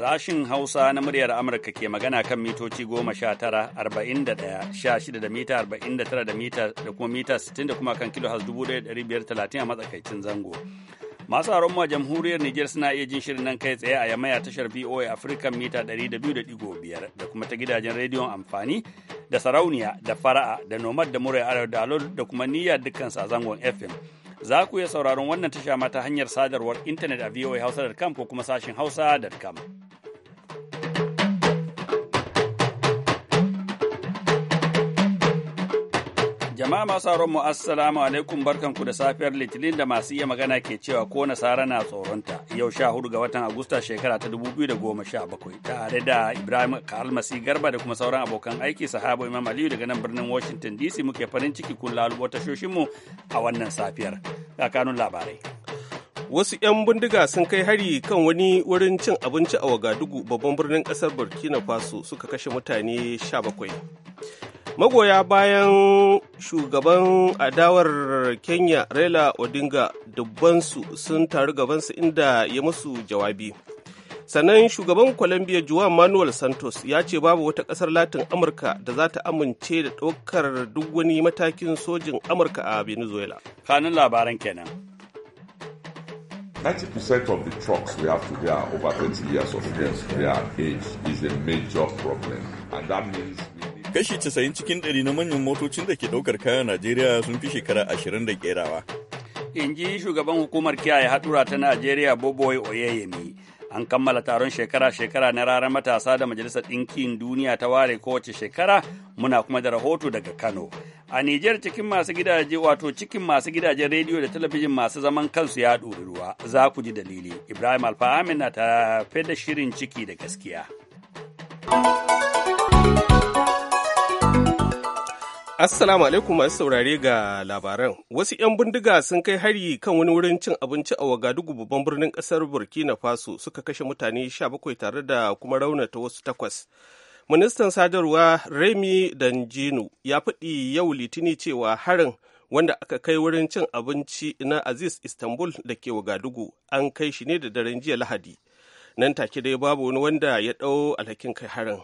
Sashin Hausa na muryar Amurka ke magana kan mitoci goma sha tara, arba'in da ɗaya, sha shida da mita, arba'in da tara da mita da kuma mita sittin da kuma kan kilo has dubu ɗaya ɗari biyar talatin a matsakaicin zango. Masu haron ma jamhuriyar Nijar suna iya jin shirin nan kai tsaye a yamaya tashar VOA African mita ɗari da biyu da da ɗigo biyar kuma ta gidajen rediyon amfani da sarauniya da fara'a da nomad da murai arewa da alol da kuma niyya dukkan zangon FM. Za ku iya sauraron wannan tasha ma ta hanyar sadarwar intanet a voahausa.com ko kuma sashin hausa.com. Jama'a masu sauran mu assalamu alaikum barkanku da safiyar Litinin da masu iya magana ke cewa ko nasara na tsoronta yau sha hudu ga watan Agusta shekara ta dubu biyu da goma sha bakwai tare da Ibrahim Kalmasi Garba da kuma sauran abokan aiki sahabo Imam Aliyu daga nan birnin Washington DC muke farin ciki kun lalubo tashoshin mu a wannan safiyar. Kakanun labarai. Wasu 'yan bindiga sun kai hari kan wani wurin cin abinci a Wagadugu babban birnin kasar Burkina Faso suka kashe mutane 17. magoya bayan shugaban adawar kenya raila odinga dubbansu sun taru gabansu inda ya musu jawabi sannan shugaban colombia juan manuel santos ya ce babu wata ƙasar latin amurka da za ta amince da ɗaukar duk wani matakin sojin amurka a venezuela kanun labaran kenan 90% of the trucks we have today are over 20 years of age. Their age is a major problem. And that means we Kashi 90 cikin ɗari na manyan motocin da ke ɗaukar kayan Najeriya sun fi shekara ashirin da ƙerawa. In ji shugaban hukumar kiyaye hadura ta Najeriya Boboy Oyeyemi. An kammala taron shekara-shekara na ranar matasa da Majalisar Ɗinkin Duniya ta ware kowace shekara muna kuma da rahoto daga Kano. A Nijar cikin masu gidaje wato cikin masu gidajen rediyo da talabijin masu zaman kansu ya ɗori ruwa za ku ji dalili. Ibrahim Alfa na tafe da shirin ciki da gaskiya. Assalamu alaikum masu saurare ga labaran. Wasu 'yan bindiga sun kai hari kan wani wurin cin abinci a Wagadugu babban birnin kasar Burkina Faso suka kashe mutane 17 tare da kuma raunata wasu takwas. Ministan sadarwa Remy Danjinu ya faɗi yau litini cewa harin wanda aka kai wurin cin abinci na Aziz Istanbul da ke Wagadugu an kai shi ne da daren jiya Lahadi. Nan take dai babu wani wanda ya ɗau alhakin kai harin.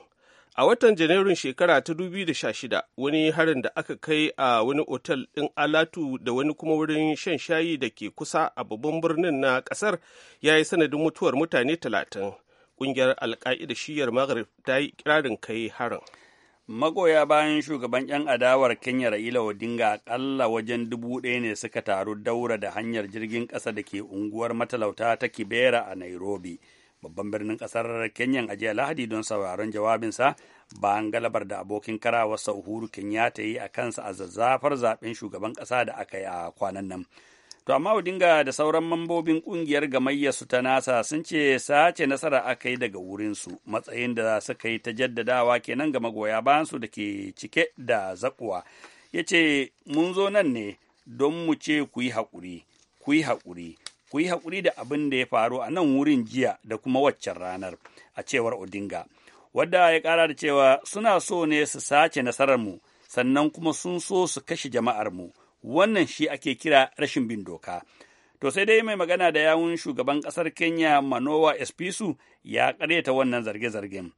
a watan janairun shekara ta 2016 wani harin da aka kai a wani otal ɗin alatu da wani kuma wurin shan shayi da ke kusa a babban birnin na ƙasar ya yi sanadin mutuwar mutane talatin ƙungiyar alka'ida shiyar maghrib ta yi kirarin kai harin magoya bayan shugaban 'yan adawar kenya raila odinga akalla wajen dubu ɗaya ne suka taru daura da hanyar jirgin ƙasa da ke unguwar matalauta ta kibera a nairobi babban birnin kasar kenya a jiya lahadi don sauraron jawabinsa bayan galabar da abokin karawarsa uhuru kenyatta yi a kansa a zazzafar zaben shugaban kasa da aka yi a kwanan nan to amma odinga da sauran mambobin kungiyar gamayya su ta nasa sun ce sace nasara aka yi daga wurinsu matsayin da suka yi ta jaddadawa kenan ga magoya bayansu da ke cike da zakuwa ya ce mun zo nan ne don mu ce ku yi haƙuri ku yi haƙuri ku yi haƙuri da abin da ya faru a nan wurin jiya da kuma waccan ranar a cewar odinga wadda ya ƙara da cewa suna so ne su sace nasararmu sannan kuma sun so su kashe jama'armu wannan shi ake kira rashin bin doka to sai dai mai magana da yawun shugaban ƙasar kenya manowa espisu ya ƙareta wannan zarge-zargen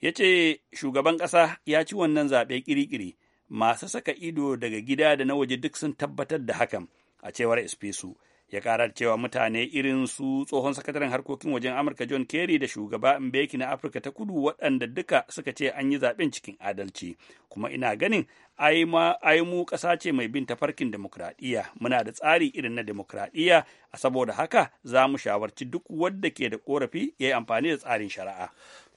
ya ce shugaban ƙasa ya ci wannan zaɓe ƙiri-ƙiri masu saka ido daga gida da na waje duk sun tabbatar da hakan a cewar espisu ya karar cewa mutane irin su tsohon sakataren harkokin wajen amurka john kerry da shugaba mbeki na afirka ta kudu waɗanda duka suka ce an yi zaɓen cikin adalci kuma ina ganin ai mu ƙasa ce mai bin tafarkin demokradiyya muna da tsari irin na demokradiyya a saboda haka za mu shawarci duk wadda ke da korafi ya yi amfani da tsarin shari'a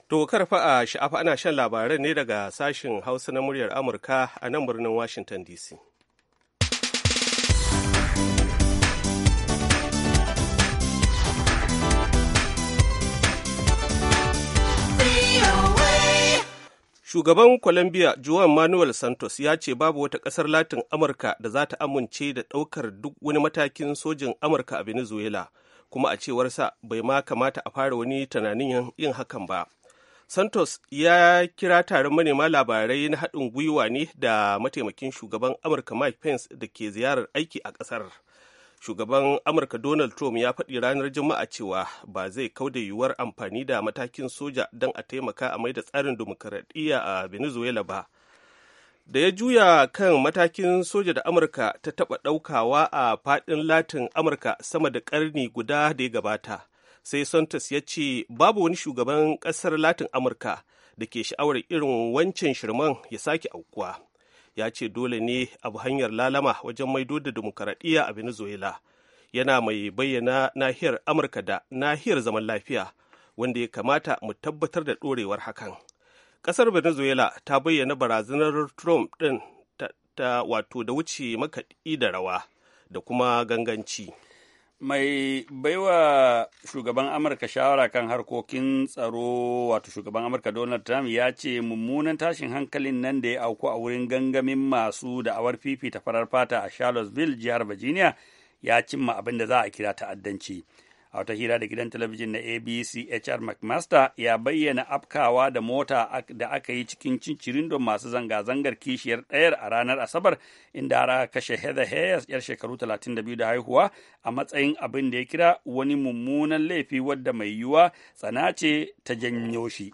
To karfa a sha'afa ana shan labaran ne daga sashen Hausa na muryar Amurka a nan birnin Washington DC. Shugaban Colombia Juan Manuel Santos ya ce babu wata ƙasar Latin Amurka da za ta amince da ɗaukar duk wani matakin sojin Amurka a Venezuela, kuma a cewarsa bai ma kamata a fara wani tunanin yin hakan ba. Santos ya kira taron manema labarai na haɗin gwiwa ne da mataimakin shugaban Amurka Mike Pence da ke ziyarar aiki a ƙasar. shugaban amurka donald trump ya faɗi ranar juma'a cewa ba zai kauda yiwuwar amfani da matakin soja don a taimaka a mai da tsarin dimokuraɗiyya a venezuela ba da ya juya kan matakin soja da amurka ta taɓa ɗaukawa a faɗin latin amurka sama da ƙarni guda da ya gabata sai santos ya ce babu wani shugaban ƙasar latin amurka da ke sha'awar irin wancan shirman ya sake aukuwa ya ce dole ne abu hanyar lalama wajen maido da demokaradiyya a venezuela yana mai bayyana nahiyar amurka da nahiyar zaman lafiya wanda ya kamata mu tabbatar da ɗorewar hakan ƙasar venezuela ta bayyana barazanar trump ɗin ta wato da wuce makaɗi da rawa da kuma ganganci mai baiwa shugaban amurka shawara kan harkokin tsaro wato shugaban amurka donald trump ya ce mummunan tashin hankalin nan da ya auku a wurin gangamin masu da'awar fifita farar fata a charlottesville jihar virginia ya cimma abin da za a kira ta'addanci a wata hira da gidan talabijin na abc hr mcmaster ya bayyana afkawa da mota da aka yi cikin cincirindon masu zanga-zangar kishiyar ɗayar a ranar asabar inda aka kashe heather hayes yar shekaru 32 da haihuwa a matsayin abin da ya kira wani mummunan laifi wadda mai yiwuwa tsana ce ta janyo shi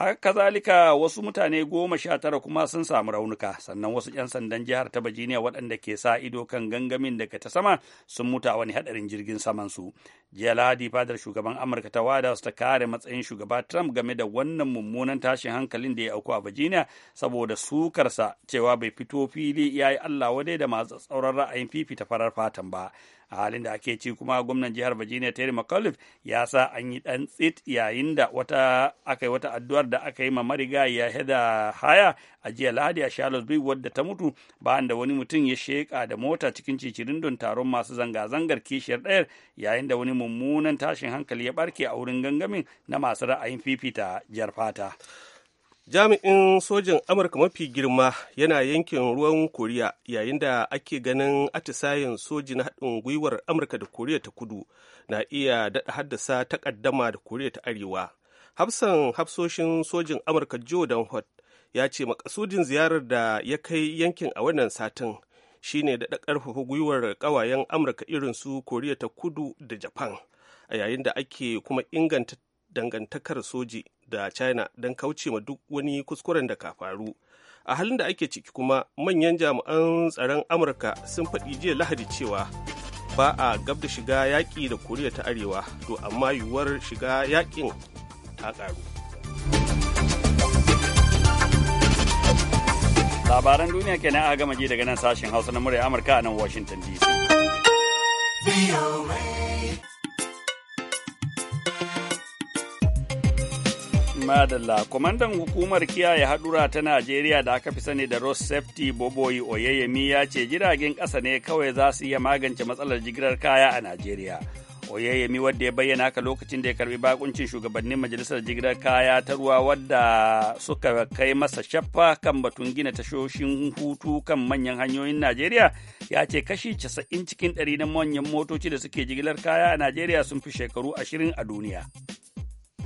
haka kazalika wasu mutane goma sha tara kuma sun samu raunuka sannan wasu 'yan sandan jihar ta bajiniya waɗanda ke sa ido kan gangamin daga ta sama sun mutu a wani haɗarin jirgin saman su jiya lahadi fadar shugaban amurka ta wada ta kare matsayin shugaba trump game da wannan mummunan tashin hankalin da ya auku a bajiniya saboda sukarsa cewa bai fito fili ya yi allah wadai da masu tsauran ra'ayin fifita farar fatan ba a halin da ake ci kuma gwamnan jihar virginia terry mcauliffe ya sa an yi dan tsit yayin da wata aka yi wata addu'ar da aka yi ma mariga ya heda haya a jiya lahadi a charlottesville wadda ta mutu bayan da wani mutum ya sheka da mota cikin cicirindon taron masu zanga-zangar kishiyar ɗayar yayin da wani mummunan tashin hankali ya barke a wurin gangamin na masu ra'ayin fifita jar fata. jami'in sojin amurka mafi girma yana yankin ruwan koriya yayin da ake ganin atisayen soji na haɗin gwiwar amurka da koriya ta kudu na iya daɗa haddasa takaddama da koriya ta arewa hafsan hafsoshin sojin amurka joe hot ya ce makasudin ziyarar da ya kai yankin a wannan satin shine da ƙarfafa gwiwar ƙawayen amurka irin su koriya ta kudu da japan a yayin da ake kuma inganta dangantakar soji da china don kauce ma duk wani kuskuren da ka faru a halin da ake ciki kuma manyan jami'an tsaron amurka sun faɗi jiya lahadi cewa ba a gab da shiga yaƙi da koriya ta arewa to amma yiwuwar shiga yaƙin ta ƙaru labaran duniya kenan a gama ji daga nan sashen hausa na murya amurka a nan washington dc Madalla, kwamandan hukumar kiyaye hadura ta Najeriya da aka fi sani da ross Safety Boboyi Oyeyemi ya ce jiragen kasa ne kawai za su iya magance matsalar jigilar kaya a Najeriya. Oyeyemi wadda ya bayyana haka lokacin da ya karbi bakuncin shugabannin majalisar jigilar kaya ta ruwa wadda suka kai masa shaffa kan batun gina tashoshin hutu kan manyan hanyoyin Najeriya ya ce kashi 90 cikin 100 na manyan motoci da suke jigilar kaya a Najeriya sun fi shekaru ashirin a duniya.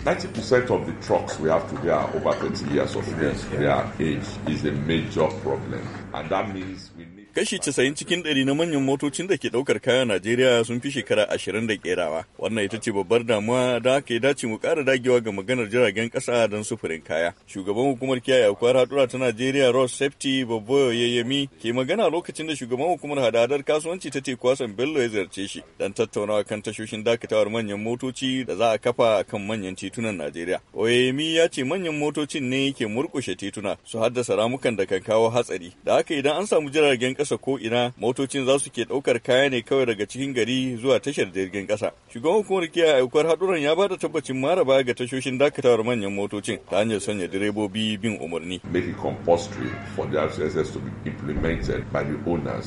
ninety percent of the trucks we have today are over thirty years of age. Yes, yeah. Their age is a major problem, and that means Kashi 90 cikin 100 na manyan motocin da ke daukar kaya Najeriya sun fi shekara 20 da kerawa. Wannan ita ce babbar damuwa da aka yi dace mu kara dagewa ga maganar jiragen kasa don sufurin kaya. Shugaban hukumar kiyaye akwai hadura ta Najeriya Ross Safety Babbo Yayemi ke magana lokacin da shugaban hukumar hadadar kasuwanci ta teku Hassan Bello ya ziyarce shi don tattaunawa kan tashoshin dakatawar manyan motoci da za a kafa kan manyan titunan Najeriya. Oyemi ya ce manyan motocin ne ke murƙushe tituna su haddasa ramukan da kan kawo hatsari. Da haka idan an samu jiragen kasa ko ina motocin za su ke ɗaukar kaya ne kawai daga cikin gari zuwa tashar jirgin kasa. Shugaban hukumar kiyaye aukuwar haduran ya ba da tabbacin maraba ga tashoshin dakatawar manyan motocin ta hanyar sanya direbobi bin umarni.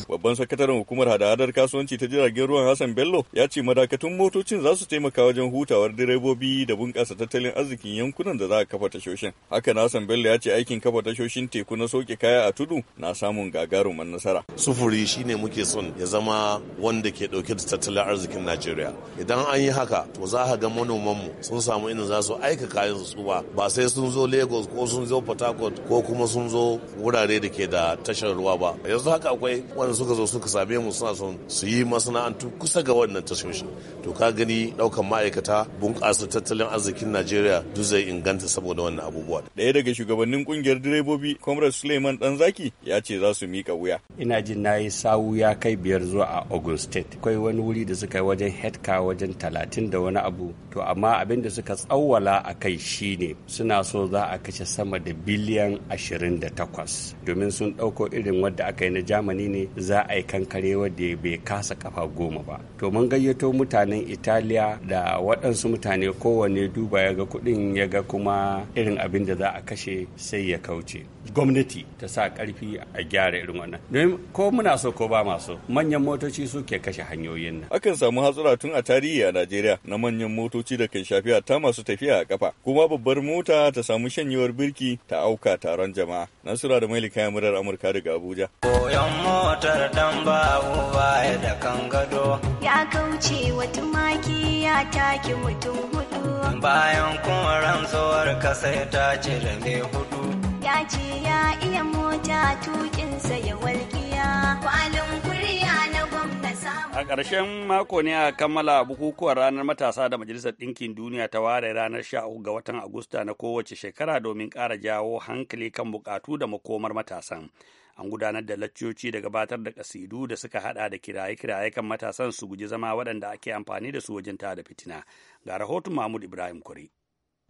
Babban sakataren hukumar hada-hadar kasuwanci ta jiragen ruwan Hassan Bello ya ce madakatun motocin za su taimaka wajen hutawar direbobi da bunƙasa tattalin arzikin yankunan da za a kafa tashoshin. Haka Hassan Bello ya ce aikin kafa tashoshin teku na soke kaya a tudu na samun gagarumar nasara. sufuri shine muke son ya zama wanda ke dauke da tattalin arzikin najeriya idan an yi haka to za ka ga manomanmu sun samu inda za su aika kayan su ba ba sai sun zo lagos ko sun zo port harcourt ko kuma sun zo wurare da ke da tashar ruwa ba yanzu haka akwai wanda suka zo suka same mu suna son su yi masana'antu kusa ga wannan tashoshi to ka gani daukan ma'aikata bunƙasa tattalin arzikin najeriya duk zai inganta saboda wannan abubuwa Daya daga shugabannin kungiyar direbobi comrade suleiman danzaki ya ce za su miƙa wuya ina ina jin na yi sawu ya kai biyar zuwa a ogun state akwai wani wuri da suka yi wajen hedka wajen talatin da wani abu to amma abin da suka tsawwala a kai shine suna so za a kashe sama da biliyan ashirin da 28 domin sun ɗauko irin wadda aka yi na jamani ne za a yi kankare wadda bai kasa kafa goma ba to mun gayyato mutanen italiya da waɗansu mutane kowane duba ya ga kuɗin ya ga kuma irin abin da za a kashe sai ya kauce gwamnati ta sa karfi a gyara irin wannan domin ko muna so ko ba maso manyan motoci suke kashe hanyoyin nan akan samu hatsura tun a tarihi a Najeriya na manyan motoci da kan shafi ta masu tafiya a kafa kuma babbar mota ta samu shanyewar birki ta auka taron jama'a Nasura da Mailika ya murar Amurka daga Abuja koyon motar dan babu baya da kan gado ya kauce wa tumaki ya take mutum hudu bayan kuma rantsuwar kasa ta da mai hudu ya ce ya iya mota tukinsa ya walƙiya kwalin na gwamna samu a ƙarshen mako ne a kammala bukukuwan ranar matasa da majalisar ɗinkin duniya ta ware ranar 13 ga watan agusta na kowace shekara domin ƙara jawo hankali kan buƙatu da makomar matasan an gudanar da laccoci da gabatar da ƙasidu da suka haɗa da kiraye-kiraye kan matasan su guji zama waɗanda ake amfani da su wajen tada fitina ga rahoton mahmud ibrahim kuri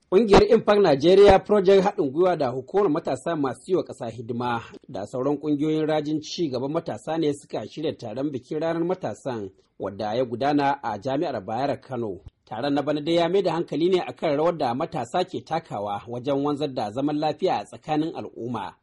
Ƙungiyar Impact Nigeria Project haɗin gwiwa da hukumar matasa masu yiwa ƙasa hidima da sauran ƙungiyoyin rajin ci gaban matasa ne suka shirya taron bikin ranar matasan wadda ya gudana a jami'ar Bayar Kano. Taron na bana dai ya mai da hankali ne a kan rawar da matasa ke takawa wajen wanzar da zaman lafiya a tsakanin al'umma.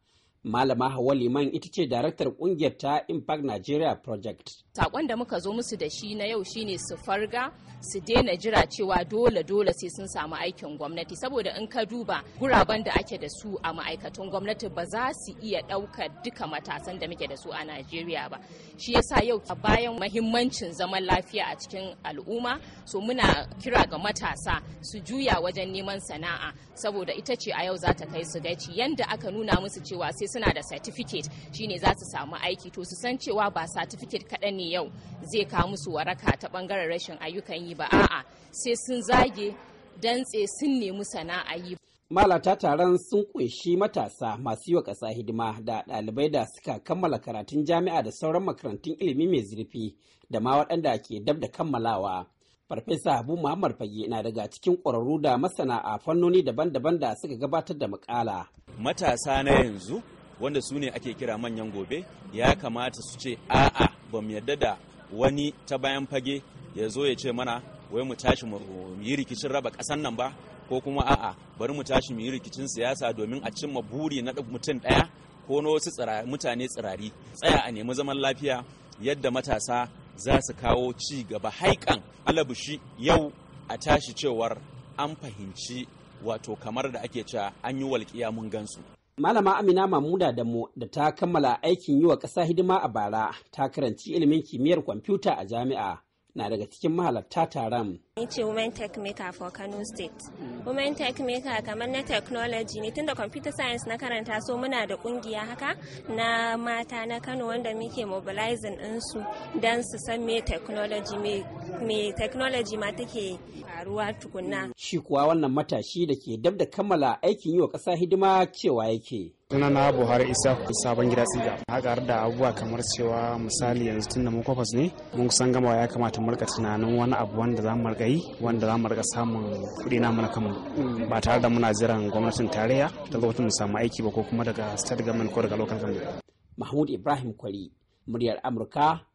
Malama Hauwa Liman ita ce daraktar ƙungiyar ta Impact Nigeria Project. sakon da muka zo musu da shi na yau shine su farga su daina jira cewa dole dole sai sun samu aikin gwamnati saboda in ka duba guraben da ake da su a ma'aikatan gwamnati ba za su iya ɗaukar duka matasan da muke da su a Najeriya ba shi yasa yau bayan mahimmancin zaman lafiya a cikin al'umma so muna kira ga matasa su juya wajen neman sana'a saboda ita ce a yau za ta kai su gaci yanda aka nuna musu cewa sai suna da certificate shine za su samu aiki to su san cewa ba satifiket kaɗan ne yau zai kawo musu waraka ta bangaren rashin ayyukan yi ba a'a sai sun zage dantse sun nemi sana'a yi malata taron sun kunshi matasa masu yi wa ƙasa hidima da ɗalibai da suka kammala karatun jami'a da sauran makarantun ilimi mai zurfi da ma waɗanda ke dab da kammalawa farfesa abu muhammad fage na daga cikin ƙwararru da masana a fannoni daban-daban da suka gabatar da makala matasa na yanzu wanda su ne ake kira manyan gobe ya kamata su ce a'a ba mu yadda da wani ta bayan fage ya zo ya ce mana wai mu tashi mu yi rikicin raba ƙasan nan ba ko kuma a'a bari mu tashi mu yi rikicin siyasa domin a cimma buri na mutum ɗaya ko na wasu mutane tsirari tsaya a nemi zaman lafiya yadda matasa za su kawo ci gaba haikan alabushi yau a tashi cewar an fahimci wato kamar da ake cewa an yi walƙiya mun gansu Malama Amina Mamuda da mu da ta kammala aikin yi wa ƙasa hidima a bara ta karanci ilimin kimiyyar kwamfuta a jami'a na daga cikin mahalarta taron. Ni ce Women Tech Maker for Kano State. Women Tech Maker kamar na technology ne tunda computer science na karanta so muna da kungiya haka na mata na Kano wanda muke mobilizing ɗinsu don su san me technology me technology ma take faruwa tukunna. Shi kuwa wannan matashi da ke dab da kammala aikin yi wa ƙasa hidima cewa yake. suna na buhari isa sabon gida tsiga haka har da abubuwa kamar cewa misali yanzu tun da mu kwafas ne mun kusan gama ya kamata mu rika tunanin wani abu wanda za mu rika yi wanda za mu rika samun kuɗi na mana kanmu mm. ba tare da muna jiran gwamnatin tarayya ta zo mu samu aiki ba ko kuma daga state government ko daga local government mahmud ibrahim kwari muryar amurka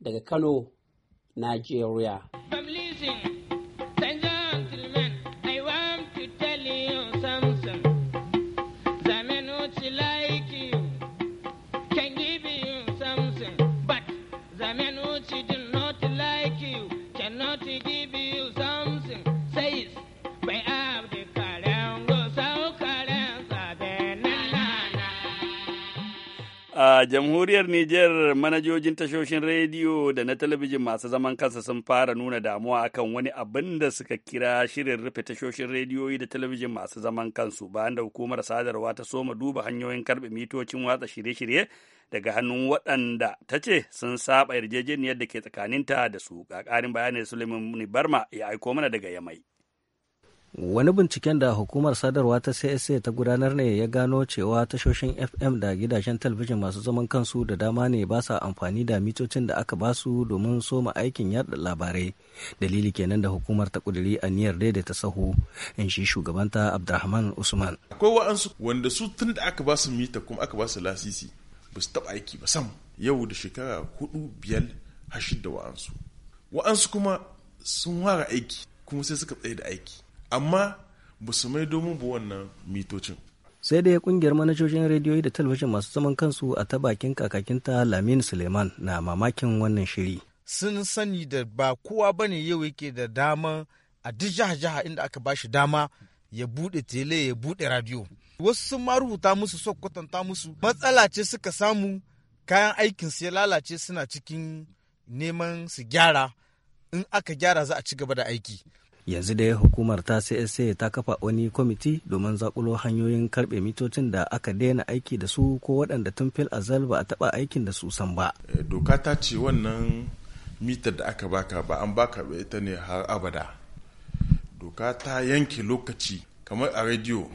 daga kano nigeria A jamhuriyar Nijar manajojin tashoshin rediyo da na talabijin masu zaman kansa sun fara nuna damuwa akan wani abin da suka kira shirin rufe tashoshin rediyoyi da talabijin masu zaman kansu bayan da hukumar sadarwa ta soma duba hanyoyin karbe mitocin watsa shirye-shirye daga hannun waɗanda ta ce sun saba yarjejeniyar da ke tsakaninta da su. Ga ƙarin bayanin Suleiman Barma ya aiko mana daga Yamai. Wani binciken da hukumar sadarwa ta CSA ta gudanar ne ya gano cewa tashoshin FM da gidajen talbijin masu zaman kansu da dama ne ba sa amfani da mitocin da aka basu domin soma aikin yada labarai. Dalili kenan da hukumar ta kuduri aniyar daidaita sahu in shi shugabanta Abdulrahman Usman. Akwai wa'ansu wanda su tun da aka basu mita kuma aka basu lasisi ba su taɓa aiki ba sam yau da shekara hudu biyar har da wa'ansu. Wa'ansu kuma sun fara aiki kuma sai suka tsaye da aiki. amma ba su mai domin ba wannan mitocin sai dai kungiyar manajojin rediyoyi da talabijin masu zaman kansu a ta bakin kakakinta lamin suleiman na mamakin wannan shiri sun sani da ba kowa ba ne yau yake da dama a duk jiha-jiha inda aka ba shi dama ya buɗe tele ya buɗe radiyo wasu sun ma rubuta musu so kwatanta musu matsala ce suka samu kayan aikin su ya lalace suna cikin neman su gyara in aka gyara za a ci gaba da aiki yanzu dai hukumar ta csa ta kafa wani kwamiti domin zakulo hanyoyin karbe mitocin da aka daina aiki da su ko waɗanda tun fil azal ba a taɓa aikin da su san ba eh, doka ta ce wannan mitar da aka baka ba an baka ba ita ne har abada doka ta yanke lokaci kamar a rediyo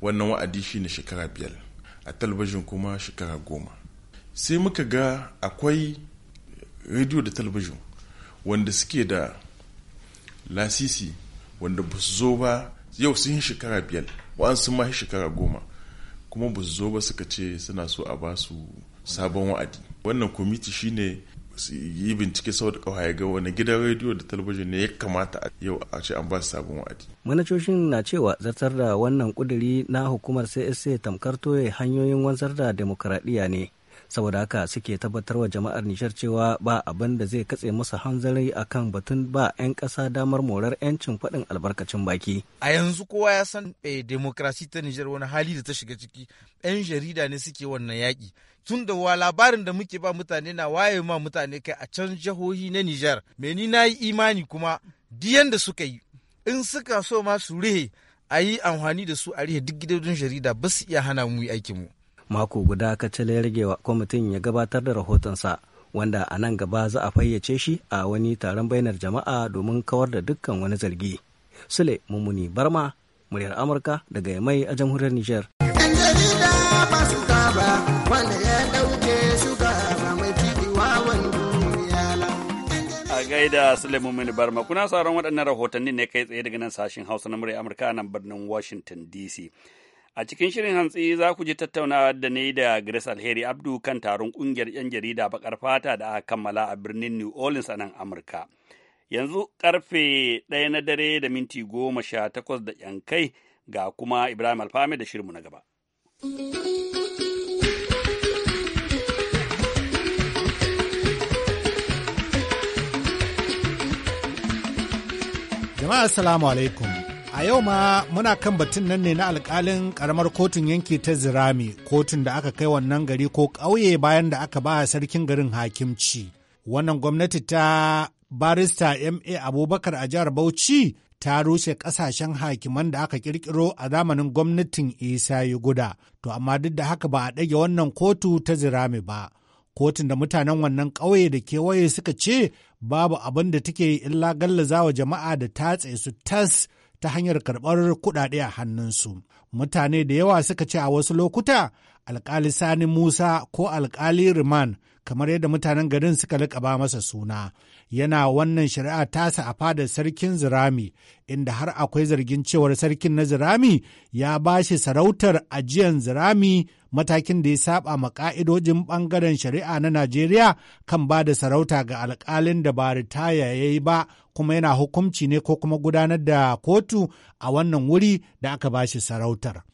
wannan wa'adi shi ne shekara biyar a talabijin kuma shekara goma sai muka ga akwai rediyo da talabijin wanda suke da lasisi wanda ba su zo ba yau sun yi shekara biyar wa'an sun ma shekara goma kuma ba su zo ba suka ce suna so a ba su sabon wa'adi wannan kwamiti shine yi bincike sau da kawai ga wani gidan rediyo da talabijin ne ya kamata a yau a ce an ba su sabon wa'adi. manacocin na cewa zartar da wannan kuduri na hukumar csc tamkar toye hanyoyin wanzar da demokradiyya ne saboda haka suke tabbatar wa jama'ar nishar cewa ba abin da zai katse musu hanzari kan batun ba 'yan kasa damar morar 'yancin faɗin albarkacin baki a yanzu kowa ya san a eh, demokrasi ta nijar wani hali da ta shiga ciki 'yan jarida ne suke wannan yaki tun da wa labarin da muke ba mutane na waye ma mutane kai a can jihohi na nijar me ni na yi imani kuma diyan da suka yi in suka so ma su rihe a yi amfani da su a rihe duk gidajen jarida ba su iya hana mu yi aikinmu mako guda kacal ya rage kwamitin ya gabatar da rahotonsa wanda a nan gaba za a fayyace shi a wani taron bainar jama'a domin kawar da dukkan wani zargi sule mummuni barma muryar amurka daga yamai a jamhuriyar nijar gaida sule Mini Barma. Kuna sauran waɗannan rahotanni ne kai tsaye daga nan sashen Hausa na murya Amurka a nan birnin Washington DC. A cikin shirin hantsi za ku ji tattaunawa da ne da Grace Alheri Abdu kan taron ƙungiyar 'yan jarida bakar fata da aka kammala a birnin New Orleans a nan Amurka. Yanzu karfe ɗaya na dare da minti goma sha takwas da ‘yan kai ga kuma Ibrahim Alfame da shirinmu na gaba. Jama'a Assalamu alaikum. A yau ma muna kan batun nan ne na alkalin karamar kotun yanki ta Zirami, kotun da aka kai wannan gari ko ƙauye bayan da aka ba sarkin garin hakimci. Wannan gwamnati ta barista MA Abubakar a jihar Bauchi ta rushe kasashen hakiman da aka kirkiro a zamanin gwamnatin Isa guda To amma duk da haka ba a ɗage wannan kotu ta zirami ba. Kotun da mutanen wannan ƙauye da kewaye suka ce babu abin da take illa gallaza wa jama'a da tatse su tas ta hanyar karɓar kuɗaɗe a hannunsu. Mutane da yawa suka ce a wasu lokuta alƙali Sani Musa ko alƙali Riman kamar yadda mutanen garin suka ba masa suna yana wannan shari'a tasa a fadar sarkin zirami inda har akwai zargin cewar sarkin na zirami ya ba shi sarautar ajiyan zirami matakin da ya saba ma ka'idojin bangaren shari'a na najeriya kan ba da sarauta ga alkalin da ba ritaya ya yi ba kuma yana hukumci ne ko kuma gudanar da kotu a wannan wuri da aka ba shi sarautar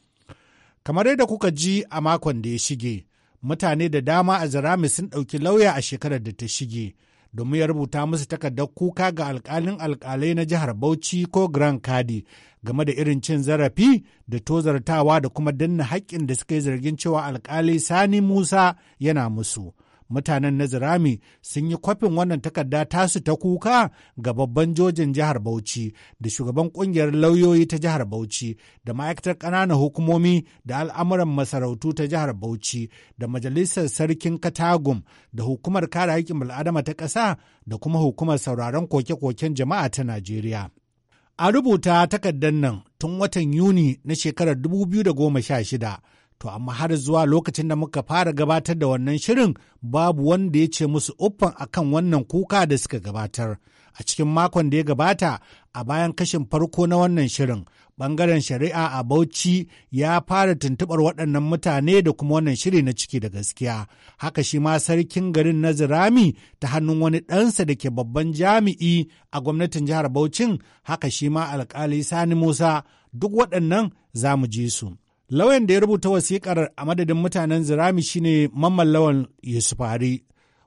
kamar yadda kuka ji a makon da ya shige mutane da dama a zarami sun ɗauki lauya a shekarar da ta shige domin ya rubuta musu takardar kuka ga alkalin alƙalai na jihar Bauchi ko Grand Kadi game da irin cin zarafi da tozartawa da kuma danna haƙƙin da suka yi zargin cewa alkali Sani Musa yana musu. mutanen Nazirami sun yi kwafin wannan takarda tasu ta kuka ga babban jojin jihar Bauchi da shugaban kungiyar lauyoyi ta jihar Bauchi da ma'aikatar ƙananan hukumomi da al'amuran masarautu ta jihar Bauchi da majalisar sarkin Katagum da hukumar kare haƙƙin bil'adama ta ƙasa da kuma hukumar sauraron koke-koken jama'a ta Najeriya. A rubuta takardar nan tun watan Yuni na shekarar 2016 To amma har zuwa lokacin da muka fara gabatar da wannan shirin babu wanda ya ce musu uffan akan wannan kuka da suka gabatar. A cikin makon da ya gabata a bayan kashin farko na wannan shirin bangaren shari'a a Bauchi ya fara tuntubar waɗannan mutane da kuma wannan shiri na ciki da gaskiya. Haka shi ma sarkin garin na Zirami ta hannun wani ɗansa da ke babban jami'i a gwamnatin jihar Bauchin, haka shi ma alkali Sani Musa duk waɗannan za mu ji su. Lauyan da ya rubuta wasiƙar a madadin mutanen Zirami shine Mamman Lawan Yusufari,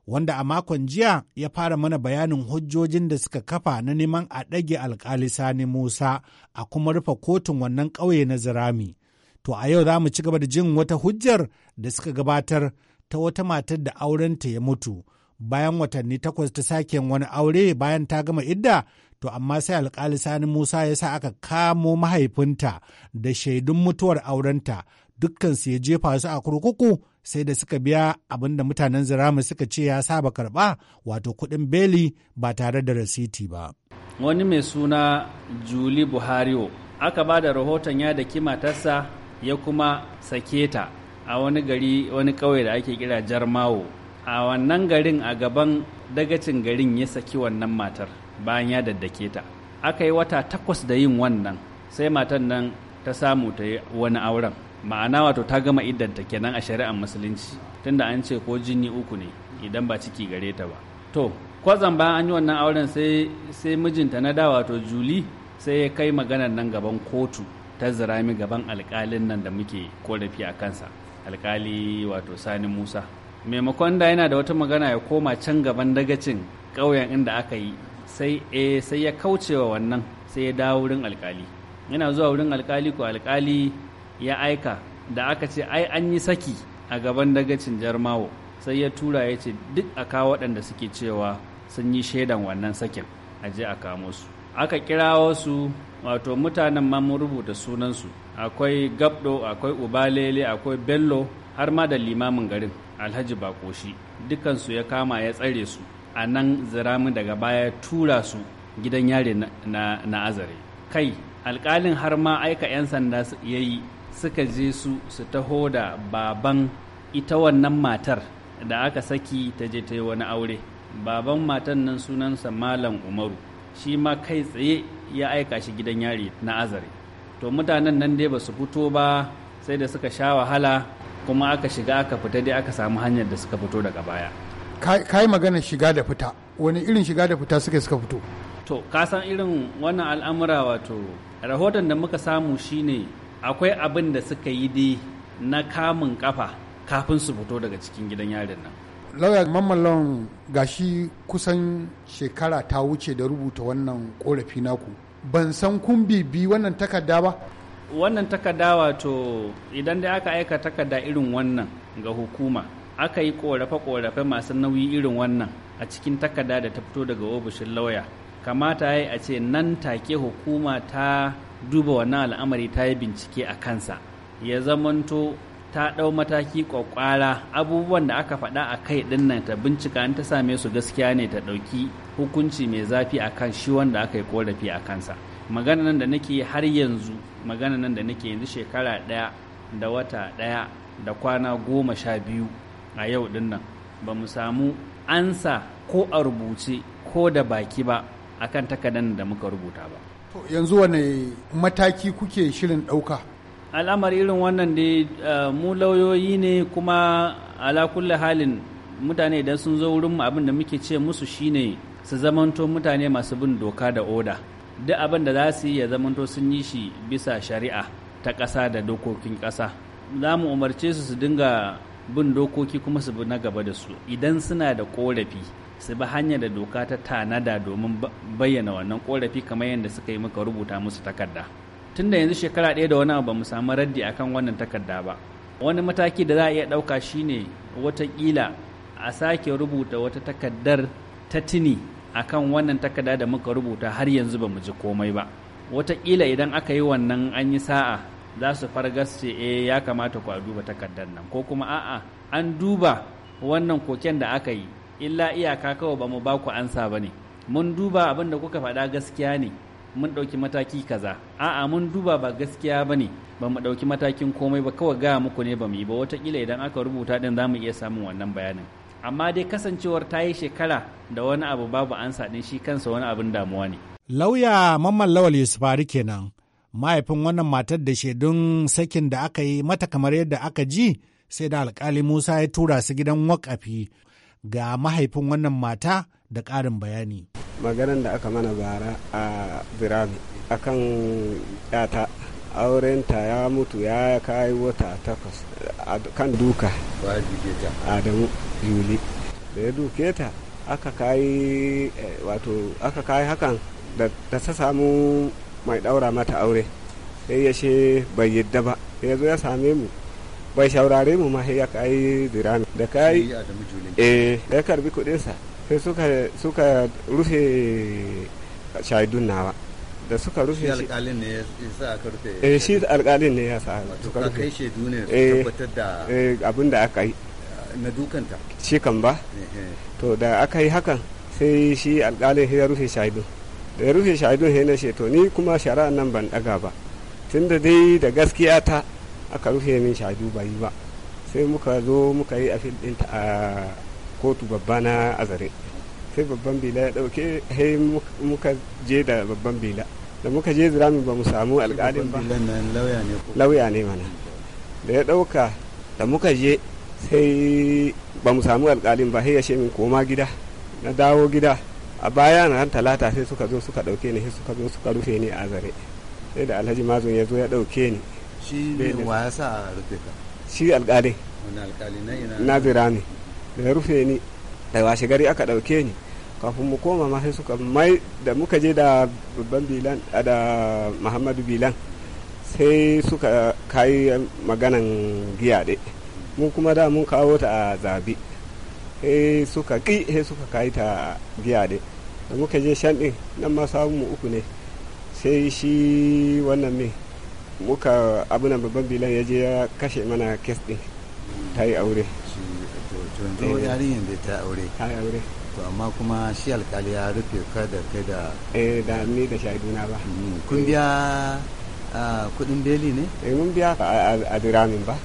wanda a makon jiya ya fara mana bayanin hujjojin da suka kafa na neman a ɗage alƙali Sani Musa a kuma rufe kotun wannan ƙauye na Zirami. To a yau za mu ci gaba da jin wata hujjar da suka gabatar ta wata matar da aurenta ya mutu. Bayan watanni takwas ta sake wani aure bayan ta gama idda to amma sai alkali sani musa ya sa aka kamo mahaifinta da shaidun mutuwar aurenta dukkan su ya jefa su a kurkuku sai da suka biya abin da mutanen zirama suka ce ya saba karba wato kudin beli ba tare da rasiti ba wani mai suna juli buhariyo aka ba da rahoton ya da kimatarsa ya kuma sake ta a wani gari wani ƙauye da ake kira jarmawo a wannan garin a gaban dagacin garin ya saki wannan matar bayan ya daddake ta aka yi wata takwas da yin wannan sai matan nan ta samu ta yi wani auren ma'ana wato ta gama iddanta kenan a shari'ar musulunci tunda an ce ko jini uku ne idan ba ciki gare ta ba to kwazan bayan an yi wannan auren sai sai mijinta na da wato juli sai ya kai maganar nan gaban kotu ta zirami gaban alkalin nan da muke korafi a kansa alkali wato sani musa maimakon da yana da wata magana ya koma can gaban dagacin ƙauyen inda aka yi sai eh sai ya kaucewa wannan sai ya dawo wurin alkali yana zuwa wurin alkali ko alkali ya aika da aka ce ai an yi saki a gaban dagacin jarmawo sai ya tura ya ce duk a kawo waɗanda suke cewa sun yi shaidan wannan sakin a je a kamo su aka kirawo su wato mutanen ma mun rubuta sunansu akwai gabdo akwai ubalele akwai bello har ma da limamin garin alhaji bakoshi dukansu ya kama ya tsare su a nan ziramin daga baya tura su gidan yare na azare kai alkalin har ma aika 'yan sanda ya yi suka je su su taho da baban ita wannan matar da aka saki ta je ta yi wani aure baban matan nan sunansa malam umaru shi ma kai tsaye ya aika shi gidan yari na azare to mutanen nan dai ba su fito ba sai da suka sha wahala kuma aka shiga aka fita dai aka samu hanyar da suka fito daga baya ka magana shiga da fita wani irin shiga da fita suka suka fito to ka san irin wannan al'amura wato rahoton da muka samu shine akwai abin da suka yi dai na kamun kafa kafin su fito daga cikin gidan yarin nan lauya mamallon gashi kusan shekara ta wuce da rubuta wannan korafi naku ban san kun bibi wannan takarda ba wannan takarda wato idan dai aka aika takarda irin wannan ga hukuma aka yi korafe-korafe masu nauyi irin wannan a cikin takarda da ta fito daga ofishin lauya kamata ya yi a ce nan take hukuma ta duba wannan al'amari ta yi bincike a kansa ya zamanto ta ɗau mataki ƙwaƙwara abubuwan da aka faɗa a kai ɗin nan ta bincika in ta same su gaskiya ne ta ɗauki hukunci mai zafi a kan shi wanda aka yi ƙorafi a kansa magana nan da nake har yanzu magana nan da nake yanzu shekara ɗaya da wata ɗaya da kwana goma sha biyu a yau din ba mu samu ansa ko a rubuce ko da baki ba akan takardar da muka rubuta ba to yanzu wane mataki kuke shirin ɗauka al'amari irin wannan dai eh, mu lauyoyi ne kuma ala halin mutane idan sun zo wurin mu abin da muke ce musu shine su zamanto mutane masu bin doka da oda duk abin da za su yi ya zamanto sun yi shi bisa shari'a ta ƙasa da dokokin ƙasa za mu umarce su su dinga bin dokoki kuma su bi na gaba da su idan suna da korafi su bi hanyar da doka ta tanada domin bayyana wannan korafi kamar yadda suka yi muka rubuta musu takarda tun da yanzu shekara ɗaya da wani abu mu samu raddi akan wannan takarda ba wani mataki da za a iya ɗauka shine watakila a sake rubuta wata takardar ta tuni akan wannan takarda da muka rubuta har yanzu ba mu ji komai ba watakila idan aka yi wannan an yi sa'a za su fargas ce eh ya kamata ku a duba takardar nan ko kuma a'a an duba wannan koken da aka yi illa iyaka kawai ba mu ba ansa ba ne mun duba abin kuka faɗa gaskiya ne mun ɗauki mataki kaza a'a mun duba ba gaskiya ba ne ba mu ɗauki matakin komai ba kawai gaya muku ne ba mu yi ba watakila idan aka rubuta din za mu iya samun wannan bayanin amma dai kasancewar ta yi shekara da wani abu babu ansa ɗin shi kansa wani abin damuwa ne. Lauya Mamman Lawal Yusufari kenan mahaifin wannan matar da shaidun sakin da aka yi mata kamar yadda aka ji sai da alkali musa ya tura su gidan wakafi ga mahaifin wannan mata da ƙarin bayani maganan da aka mana bara a birami akan yata aurenta ya mutu ya kai wata takwas a kan duka adamu juli da ya duke ta aka kai eh, wato aka kai hakan da ta samu mai ɗaura mata aure sai ya ce bai yadda ba ya zo ya same mu bai shaurare mu ma ya kai dirami da kai eh ya karbi sa sai suka suka rufe shaidun nawa da suka rufe shi alƙalin ne ya sa aka rufe eh shi alƙalin ne ya sa suka rufe kai shaidu ne su eh, tabbatar da eh abin da aka yi na dukanta shi kan ba eh, eh. to da aka yi hakan sai shi alƙalin ya rufe shaidun da ya rufe shaidun ya na to ni kuma shari'a nan ban daga ba da dai da gaskiya ta aka rufe min shaidu bai ba sai muka zo muka yi a ɗinta a kotu babba na azare sai babban bila ya dauke he muka je da babban bila da muka je zirami ba mu samu alƙalin ba lauya ne mana da ya dauka da muka je sai ba mu samu alƙalin ba sai ya min koma gida na dawo gida a baya na ran talata sai suka zo suka dauke ni sai suka zo suka rufe ni a zare sai da alhaji mazun ya zo ya dauke ni shi ne wa ya sa a rufe ka shi alƙali. wani alkali na ina nazira ne da ya rufe ni da washe gari aka dauke ni kafin mu koma ma sai suka mai da muka je da babban bilan da muhammadu bilan sai suka kayi maganan giya ɗe mun kuma da mun kawo ta a zabi he eh, suka ƙi he eh, suka kai ta giya dai da muka je shan ɗin nan ma mu uku ne sai shi wannan me muka abunan babban bilan ya je ya kashe mana kes ɗin ta yi aure yarinyar da ta aure ta yi aure to amma kuma shi alkali ya rufe ka da kai da eh da ni da shaiduna ba hmm, kun biya ah, kudin beli ne eh mun biya a diramin ba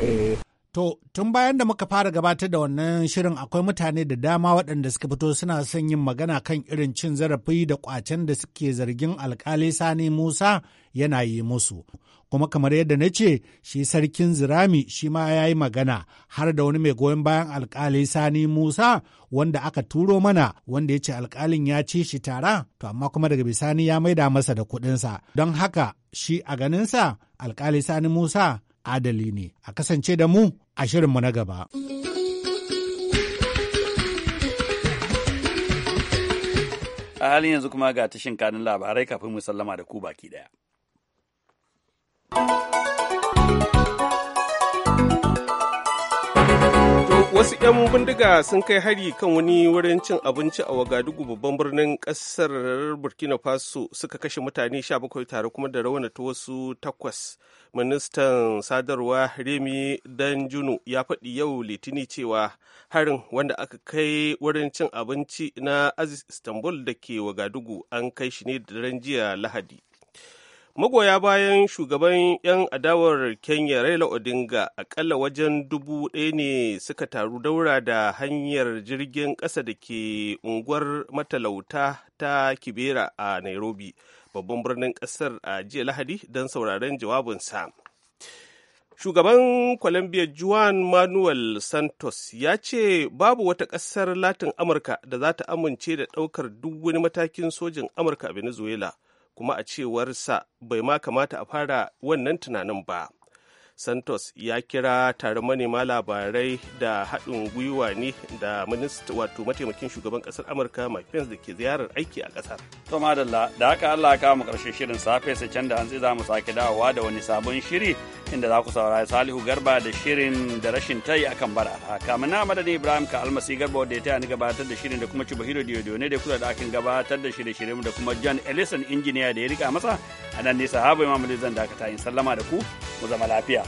eh, eh. To, tun bayan da muka fara gabatar da wannan shirin akwai mutane da dama waɗanda suka fito suna son yin magana kan irin cin zarafi da ƙwacen da suke zargin alkali Sani Musa yana yi musu. Kuma kamar yadda na ce, shi sarkin zirami shi ma ya yi magana har da wani mai goyon bayan alkali Sani Musa wanda aka turo mana wanda ya ce alkalin ya ci shi tara, to amma kuma daga bisani ya maida masa da kuɗinsa. Don haka shi a ganinsa alkali Sani Musa adali ne. A kasance da mu a shirinmu na gaba. A halin yanzu kuma ga tashin kanin labarai kafin mu sallama da ku baki daya. wasu 'yan bindiga sun kai hari kan wani wurin cin abinci a wagadugu babban birnin kasar burkina faso suka kashe mutane 17 tare kuma da ta wasu takwas ministan sadarwa remi danjunu ya faɗi yau litini cewa harin wanda aka kai wurin cin abinci na aziz istanbul da ke wagadugu an kai shi ne da daren jiya lahadi magoya bayan shugaban 'yan adawar kenya raila odinga akalla wajen dubu ɗaya ne suka taru daura da hanyar jirgin ƙasa da ke unguwar matalauta ta kibera a nairobi babban birnin ƙasar a jiya lahadi don sauraren jawabinsa shugaban colombia juan manuel santos ya ce babu wata ƙasar latin amurka da za ta amince da ɗaukar duk wani matakin sojin amurka a venezuela kuma a cewarsa bai ma kamata a fara wannan tunanin ba santos ya kira tare manema labarai da haɗin gwiwa ne da minista wato mataimakin shugaban ƙasar amurka mike pence da ke ziyarar aiki a ƙasar to madalla da haka allah ka mu ƙarshe shirin safe sai can da hantsi za mu sake dawowa da wani sabon shiri inda za ku saurari salihu garba da shirin da rashin tayi akan bara kamin na madadin ibrahim ka almasi garba wanda ya taya ni gabatar da shirin da kuma cibahiro ne da kula da akin gabatar da shirye-shiryen da kuma john ellison injiniya da ya rika masa a nan ne sahaba imam zan dakata in sallama da ku mu zama lafiya